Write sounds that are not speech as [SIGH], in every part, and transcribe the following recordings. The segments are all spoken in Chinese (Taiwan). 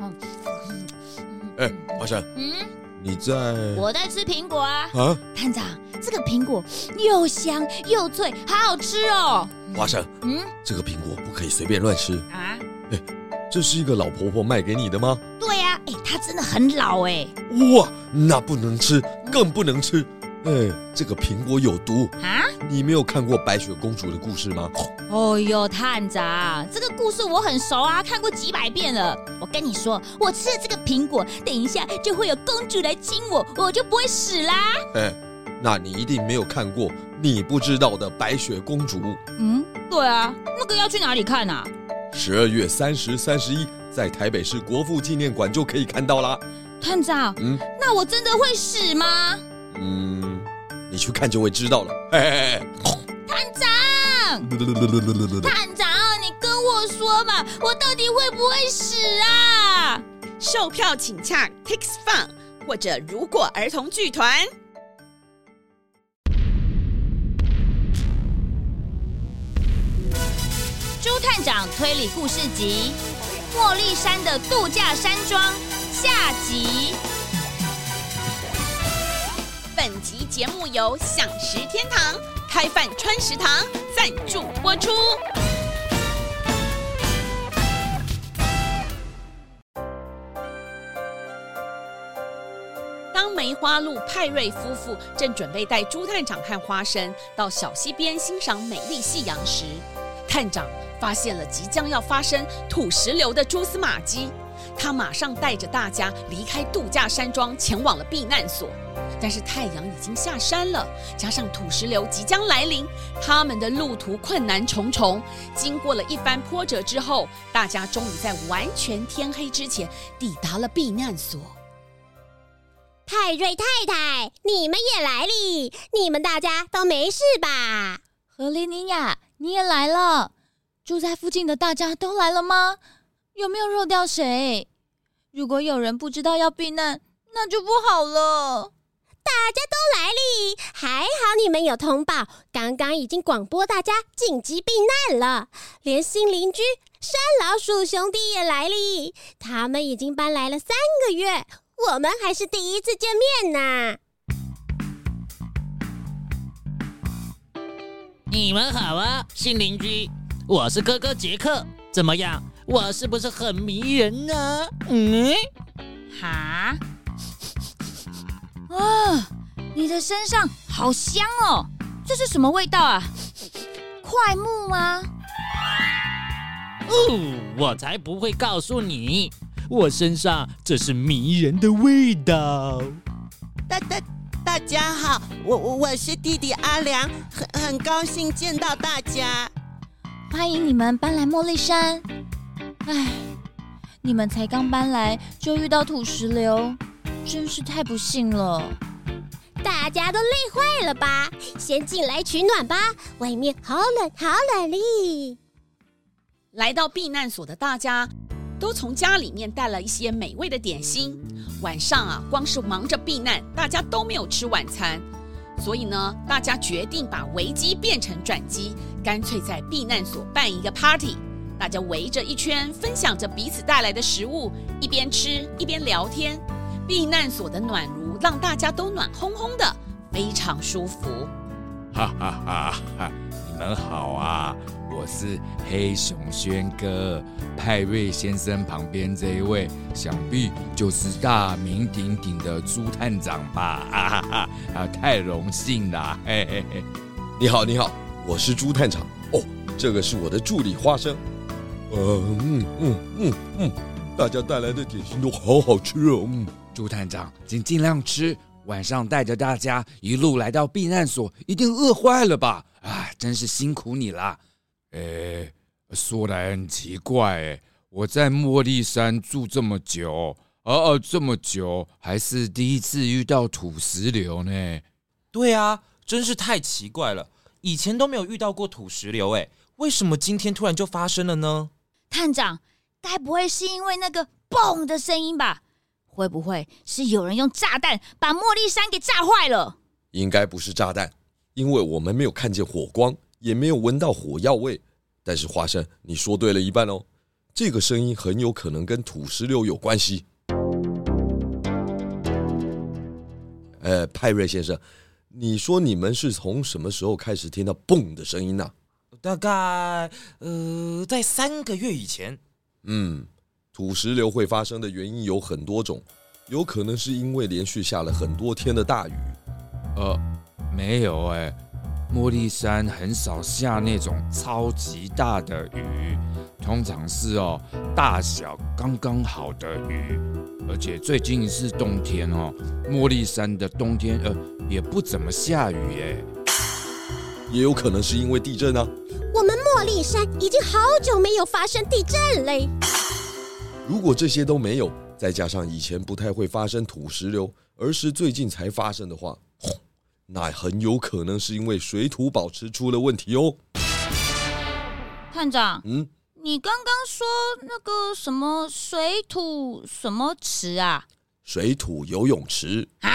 嗯，哎，花生，嗯，你在？我在吃蘋果啊。啊，探長，這個蘋果又香又脆，好好吃哦。花生，嗯，這個蘋果不可以隨便亂吃啊。哎，這是一個老婆婆賣給你的嗎？對呀，哎，她真的很老哎。哇，那不能吃，更不能吃。哎，這個蘋果有毒啊？你沒有看過白雪公主的故事嗎？哦呦，探長，這個故事我很熟啊，看過幾百遍了。跟你說，我吃了這個蘋果，等一下就會有公主來親我，我就不會死啦。嘿，那你一定沒有看過你不知道的白雪公主。嗯，對啊，那個要去哪裡看啊？十二月三十、三十一，在台北市國父紀念館就可以看到啦。探長，嗯，那我真的會死嗎？嗯，你去看就會知道了。嘿嘿嘿嘿。探長，探長。說嘛，我到底會不會死啊？售票請洽 Tix Fun，或者如果兒童劇團。豬探長推理故事集《茉莉山的度假山莊》下集。本集節目由享食天堂、開飯川食堂贊助播出。花鹿派瑞夫婦正準備帶豬探長和花生到小溪邊欣賞美麗夕陽時，探長發現了即將要發生土石流的蛛絲馬跡。他馬上帶着大家離開度假山莊，前往了避難所。但是太陽已經下山了，加上土石流即將來臨，他們的路途困難重重。經過了一番波折之後，大家終於在完全天黑之前抵達了避難所。派瑞太太，你們也來哩！你們大家都沒事吧？何琳尼呀，你也來了！住在附近的大家都來了嗎？有沒有漏掉誰？如果有人不知道要避難，那就不好了。大家都來哩，還好你們有通報，剛剛已經廣播大家緊急避難了。連新鄰居山老鼠兄弟也來哩，他們已經搬來了三個月。我們還是第一次見面呢。你們好啊，新鄰居，我是哥哥傑克。怎麼樣，我是不是很迷人呢？啊？嗯？哈？啊！你的身上好香哦，這是什麼味道啊？檜木嗎？哦，我才不會告訴你。我身上這是迷人的味道。大、大、大家好，我、我我是弟弟阿良，很、很高興見到大家，歡迎你們搬來茉莉山。哎，你們才剛搬來就遇到土石流，真是太不幸了。大家都累壞了吧？先進來取暖吧，外面好冷好冷哩。來到避難所的大家，都從家裡面帶了一些美味的點心。晚上啊，光是忙着避難，大家都沒有吃晚餐。所以呢，大家決定把危機變成轉機，乾脆在避難所辦一個 party。大家圍着一圈，分享着彼此帶來的食物，一邊吃一邊聊天。避難所的暖爐讓大家都暖烘烘的，非常舒服。哈哈哈哈！你們好啊。我是黑熊軒哥，派瑞先生旁邊這一位，想必就是大名鼎鼎的豬探長吧？啊啊！啊，太榮幸了嘿嘿嘿！你好，你好，我是豬探長。哦，這個是我的助理花生。呃，嗯嗯嗯嗯，大家帶來的點心都好好吃哦。嗯，豬探長，請盡量吃。晚上帶着大家一路來到避難所，一定餓壞了吧？啊，真是辛苦你了。誒、欸，說來很奇怪耶，我在茉莉山住這麼久，而、呃呃、這麼久，還是第一次遇到土石流呢。對啊，真是太奇怪了，以前都沒有遇到過土石流，誒，為什麼今天突然就發生了呢？探長，該不會是因為那個“蹦”的聲音吧？會不會是有人用炸彈把茉莉山給炸壞了？應該不是炸彈，因為我們沒有看見火光。也沒有聞到火藥味，但是花生，你說對了一半哦。這個聲音很有可能跟土石流有關係。呃，派瑞先生，你說你們是從什麼時候開始聽到“嘣”的聲音呢、啊？大概呃，在三個月以前。嗯，土石流會發生的原因有很多種，有可能是因為連續下了很多天的大雨。呃，沒有哎、欸。茉莉山很少下那種超級大的雨，通常是哦大小剛剛好的雨，而且最近是冬天哦，茉莉山的冬天呃也不怎麼下雨哎，也有可能是因為地震呢、啊。我們茉莉山已經好久沒有發生地震嘞。如果這些都沒有，再加上以前不太會發生土石流，而是最近才發生的話。那很有可能是因為水土保持出了問題哦。探長，嗯，你剛剛說那個什麼水土什麼池啊？水土游泳池啊？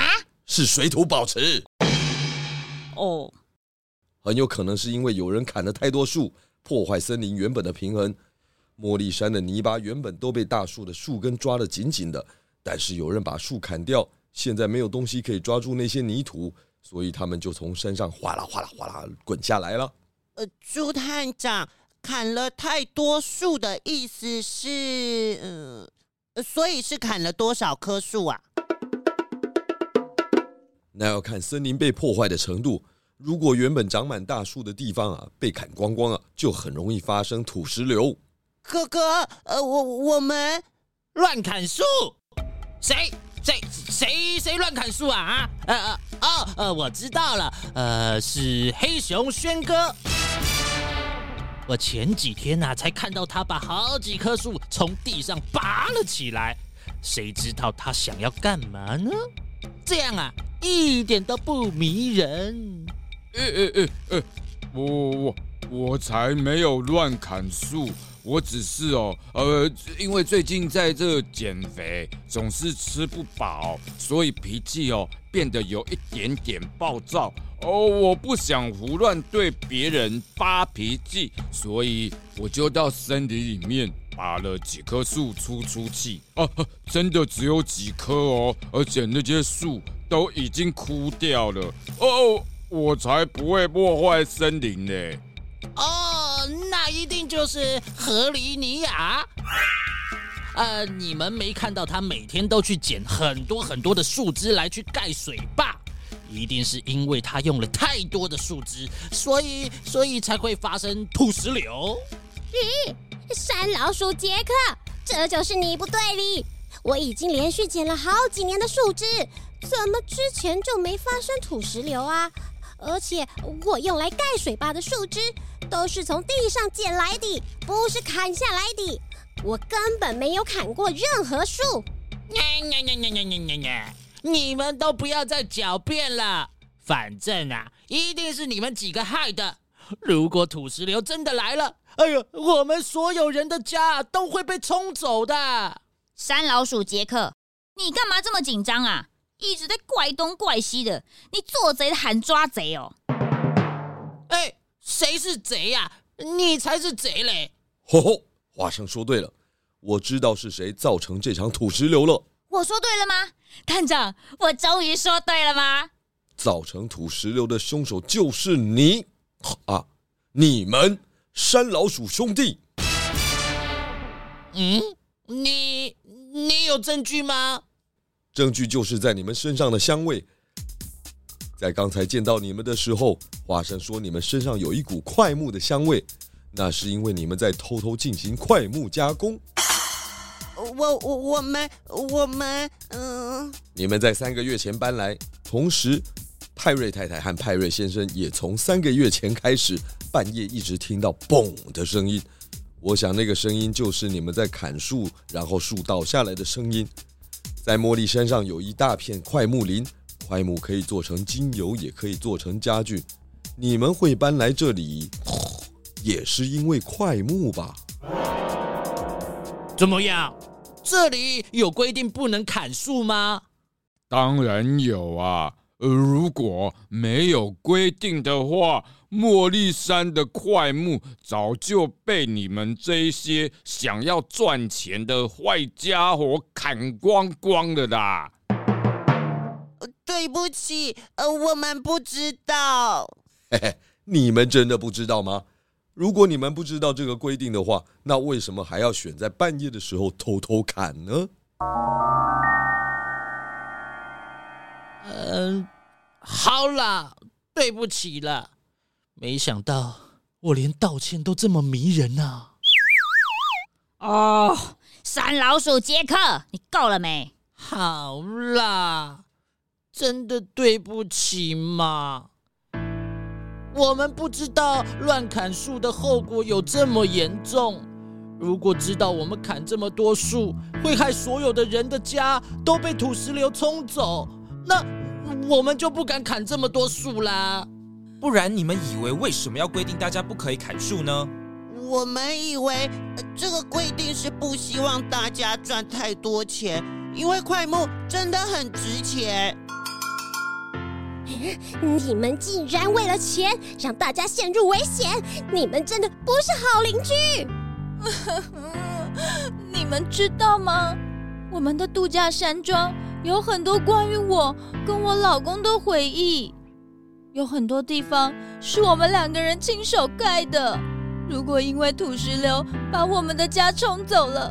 是水土保持。哦，很有可能是因為有人砍了太多樹，破壞森林原本的平衡。茉莉山的泥巴原本都被大樹的樹根抓得緊緊的，但是有人把樹砍掉，現在沒有東西可以抓住那些泥土。所以他們就從山上嘩啦嘩啦嘩啦滾下來了。呃，豬探長砍了太多樹的意思是，嗯、呃，所以是砍了多少棵樹啊？那要看森林被破壞的程度。如果原本長滿大樹的地方啊被砍光光啊，就很容易發生土石流。哥哥，呃，我我們亂砍樹，誰？誰誰誰亂砍樹啊啊？呃，呃，哦，呃，我知道了，呃，是黑熊軒哥。我前幾天呐、啊，才看到他把好幾棵樹從地上拔了起來，誰知道他想要幹嘛呢？這樣啊，一點都不迷人，欸欸欸！我我我我才沒有亂砍樹。我只是哦，呃，因為最近在這減肥，總是吃不飽、哦，所以脾氣哦變得有一點點暴躁哦。我不想胡亂對別人發脾氣，所以我就到森林裡面拔了幾棵樹出出氣啊,啊。真的只有幾棵哦，而且那些樹都已經枯掉了哦。我才不會破壞森林呢。一定就是河狸尼亞，呃，你們沒看到他每天都去撿很多很多的樹枝來去蓋水壩？一定是因為他用了太多的樹枝，所以所以才會發生土石流。咦，山老鼠傑克，這就是你不對了，我已經連續撿了好幾年的樹枝，怎麼之前就沒發生土石流啊？而且我用來蓋水壩的樹枝都是從地上撿來的，不是砍下來的。我根本沒有砍過任何樹。呀呀呀呀呀呀呀呀！你們都不要再狡辯了。反正啊，一定是你們幾個害的。如果土石流真的來了，哎呦，我們所有人的家都會被沖走的。山老鼠傑克，你干嘛這麼緊張啊？一直在怪東怪西的，你做賊喊抓賊哦！哎、欸，誰是賊呀、啊？你才是賊嘞！吼吼，花生說對了，我知道是誰造成這場土石流了。我說對了嗎，探長？我終於說對了嗎？造成土石流的兇手就是你啊！你們山老鼠兄弟？嗯，你你有證據嗎？證據就是在你們身上的香味。在剛才見到你們的時候，花生說你們身上有一股檜木的香味，那是因為你們在偷偷進行檜木加工。我我我們我們嗯，你們在三個月前搬來，同時派瑞太太和派瑞先生也從三個月前開始，半夜一直聽到“嘣”的聲音。我想那個聲音就是你們在砍樹，然後樹倒下來的聲音。在茉莉山上有一大片檜木林，檜木可以做成精油，也可以做成家具。你們會搬來這裡，也是因為檜木吧？怎麼樣？這裡有規定不能砍樹嗎？當然有啊。如果沒有規定的話，茉莉山的檜木早就被你們這些想要賺錢的壞家伙砍光光了啦。對不起，我們不知道嘿嘿。你們真的不知道嗎？如果你們不知道這個規定的話，那為什麼還要選在半夜的時候偷偷砍呢？嗯、呃，好啦，對不起了。沒想到我連道歉都這麼迷人啊！啊、哦，山老鼠傑克，你夠了沒？好啦，真的對不起嘛。我們不知道亂砍樹的後果有這麼嚴重。如果知道，我們砍這麼多樹，會害所有的人的家都被土石流沖走。那我們就不敢砍這麼多樹啦。不然你們以為為什麼要規定大家不可以砍樹呢？我們以為這個規定是不希望大家賺太多錢，因為檜木真的很值錢。你們竟然為了錢讓大家陷入危險，你們真的不是好鄰居。 [LAUGHS] 你們知道嗎？我們的度假山莊。有很多關於我跟我老公的回憶，有很多地方是我們兩個人親手蓋的。如果因為土石流把我們的家沖走了，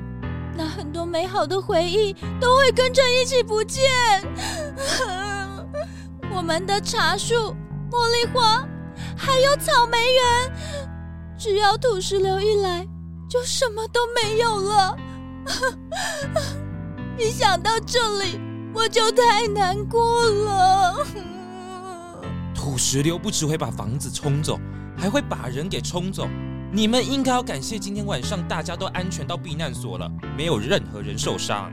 那很多美好的回憶都會跟着一起不見。我們的茶樹、茉莉花，還有草莓園，只要土石流一來，就什麼都沒有了。一想到這裡。我就太難過了。土石流不只會把房子沖走，還會把人給沖走。你們應該要感謝今天晚上大家都安全到避難所了，沒有任何人受傷。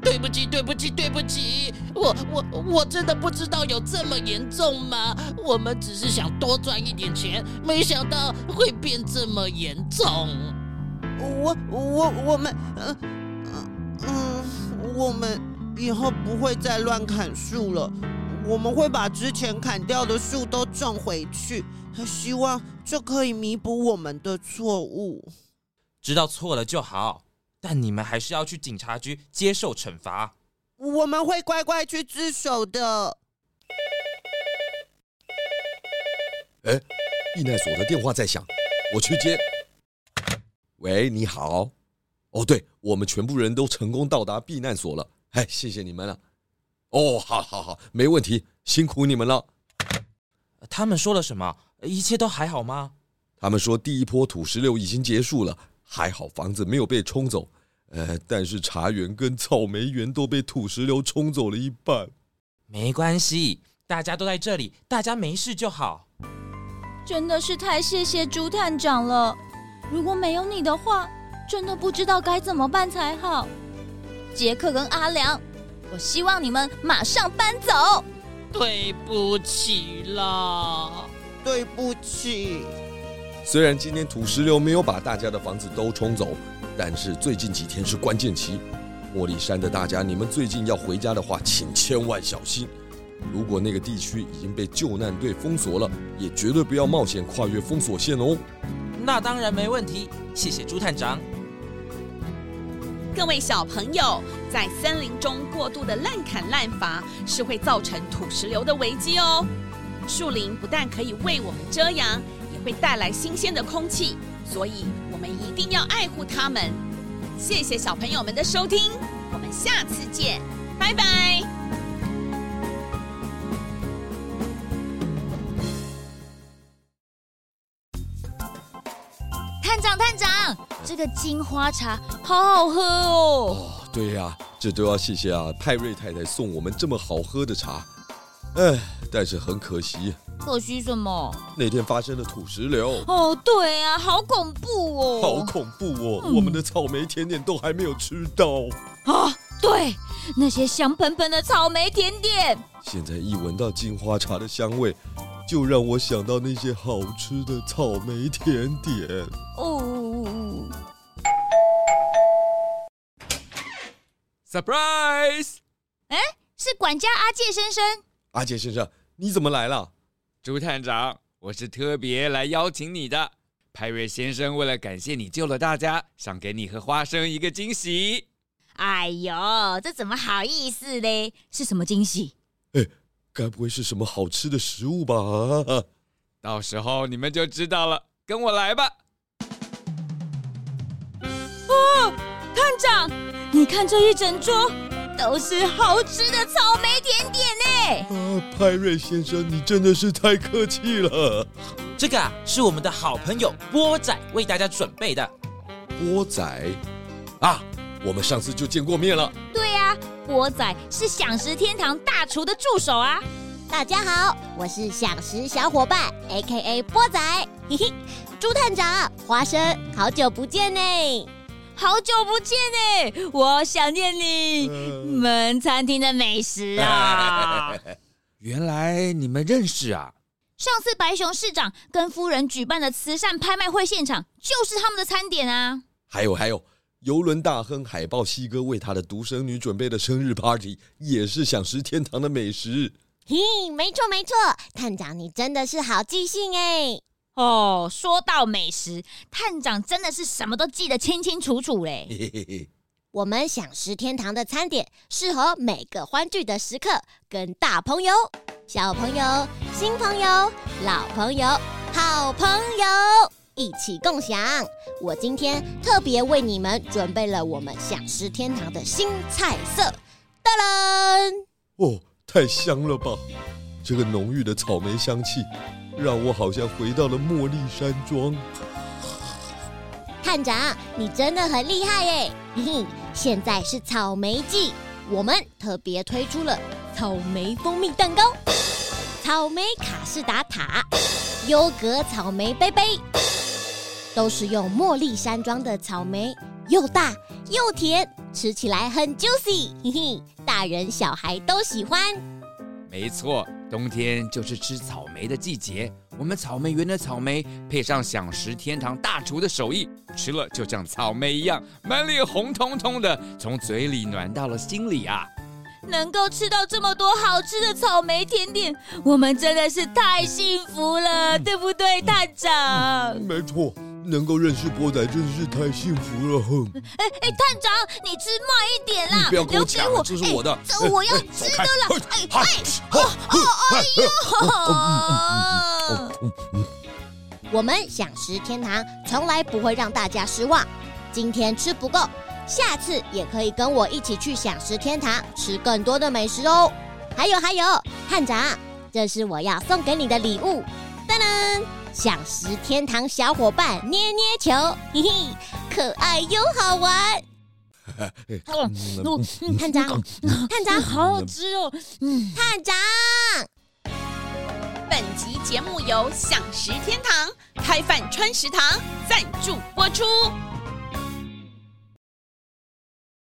對不起，對不起，對不起。我我我真的不知道有這麼嚴重嗎？我們只是想多賺一點錢，沒想到會變這麼嚴重。我我我們，嗯嗯我們。呃呃我們以後不會再亂砍樹了。我們會把之前砍掉的樹都種回去，希望這可以彌補我們的錯誤。知道錯了就好，但你們還是要去警察局，接受懲罰。我們會乖乖去自首的。哎，避難所的電話在響，我去接。喂，你好。哦，對，我們全部人都成功到達避難所了。哎，謝謝你們了。哦，好，好，好，沒問題，辛苦你們了。他們說了什麼？一切都還好嗎？他們說第一波土石流已經結束了，還好房子沒有被沖走。呃，但是茶園跟草莓園都被土石流沖走了一半。沒關係，大家都在這裡，大家沒事就好。真的是太謝謝豬探長了，如果沒有你的話，真的不知道該怎麼辦才好。杰克跟阿良，我希望你們馬上搬走。對不起啦，對不起。雖然今天土石流沒有把大家的房子都沖走，但是最近幾天是關鍵期。茉莉山的大家，你們最近要回家的話，請千萬小心。如果那個地區已經被救難隊封鎖了，也絕對不要冒險跨越封鎖線哦。那當然沒問題，謝謝豬探長。各位小朋友，在森林中過度的濫砍濫伐是會造成土石流的危機哦。樹林不但可以為我們遮陽，也會帶來新鮮的空氣，所以我們一定要愛護它們。謝謝小朋友們的收聽，我們下次見，拜拜。這個金花茶好好喝哦！哦，對呀，啊，這都要謝謝啊派瑞太太送我們這麼好喝的茶。哎，但是很可惜。可惜什麼？那天發生了土石流。哦，對呀，啊，好恐怖哦！好恐怖哦，嗯！我們的草莓甜點都還沒有吃到。啊，哦，對，那些香噴噴的草莓甜點。現在一聞到金花茶的香味，就讓我想到那些好吃的草莓甜點。哦。surprise！哎，是管家阿杰先生，生。阿杰先生，你怎麼來了？豬探長，我是特別來邀請你的。派瑞先生為了感謝你救了大家，想給你和花生一個驚喜。哎呦，這怎麼好意思嘞？是什麼驚喜？哎，該不會是什麼好吃的食物吧？到時候你們就知道了。跟我來吧。哦，探長。你看這一整桌都是好吃的草莓甜點呢！啊，派瑞先生，你真的是太客氣了。這個啊，是我們的好朋友波仔為大家準備的。波仔啊，我們上次就見過面了。對呀、啊，波仔是享食天堂大廚的助手啊。大家好，我是享食小伙伴 AKA 波仔。嘿嘿，豬探長，花生，好久不見呢。好久不見哎，我想念你們餐廳的美食啊！原來你們認識啊！上次白熊市長跟夫人舉辦的慈善拍賣會現場，就是他們的餐點啊！還有還有，遊輪大亨海豹西哥為他的獨生女準備的生日 party，也是饗食天堂的美食。嘿，沒錯沒錯，探長，你真的是好記性哎！哦，說到美食，探長真的是什麼都記得清清楚楚嘞。我們饗食天堂的餐點適合每個歡聚的時刻，跟大朋友、小朋友、新朋友、老朋友、好朋友一起共享。我今天特別為你們準備了我們饗食天堂的新菜色，噔噔！哦，太香了吧！這個濃郁的草莓香氣。讓我好像回到了茉莉山莊。探長，你真的很厲害耶！ [LAUGHS] 現在是草莓季，我們特別推出了草莓蜂蜜蛋糕、草莓卡士達塔、優格草莓杯杯，都是用茉莉山莊的草莓，又大又甜，吃起來很 juicy，嘿嘿，大人小孩都喜歡。沒錯，冬天就是吃草莓的季節。我們草莓園的草莓配上饗食天堂大廚的手藝，吃了就像草莓一樣，滿臉紅彤彤的，從嘴裡暖到了心裡啊！能夠吃到這麼多好吃的草莓甜點，我們真的是太幸福了，嗯、對不對，探長？嗯嗯、沒錯。能夠認識波仔，真是太幸福了，欸！哼。哎哎，探長，你吃慢一點啦！不要搶我，給我，欸，這是我的。欸欸，這我要吃的了。哎，欸，哎，哦，欸，哦，哎，喔喔，呦，喔喔嗯嗯嗯嗯嗯嗯嗯！我們饗食天堂，從來不會讓大家失望。今天吃不夠，下次也可以跟我一起去饗食天堂，吃更多的美食哦。還有還有，探長，這是我要送給你的禮物。當當。饗食天堂小夥伴捏捏球，嘿嘿，可愛又好玩。 [LAUGHS] 探長，探長，好吃哦！ [LAUGHS] 探長。本集節目由饗食天堂、開飯川食堂贊助播出。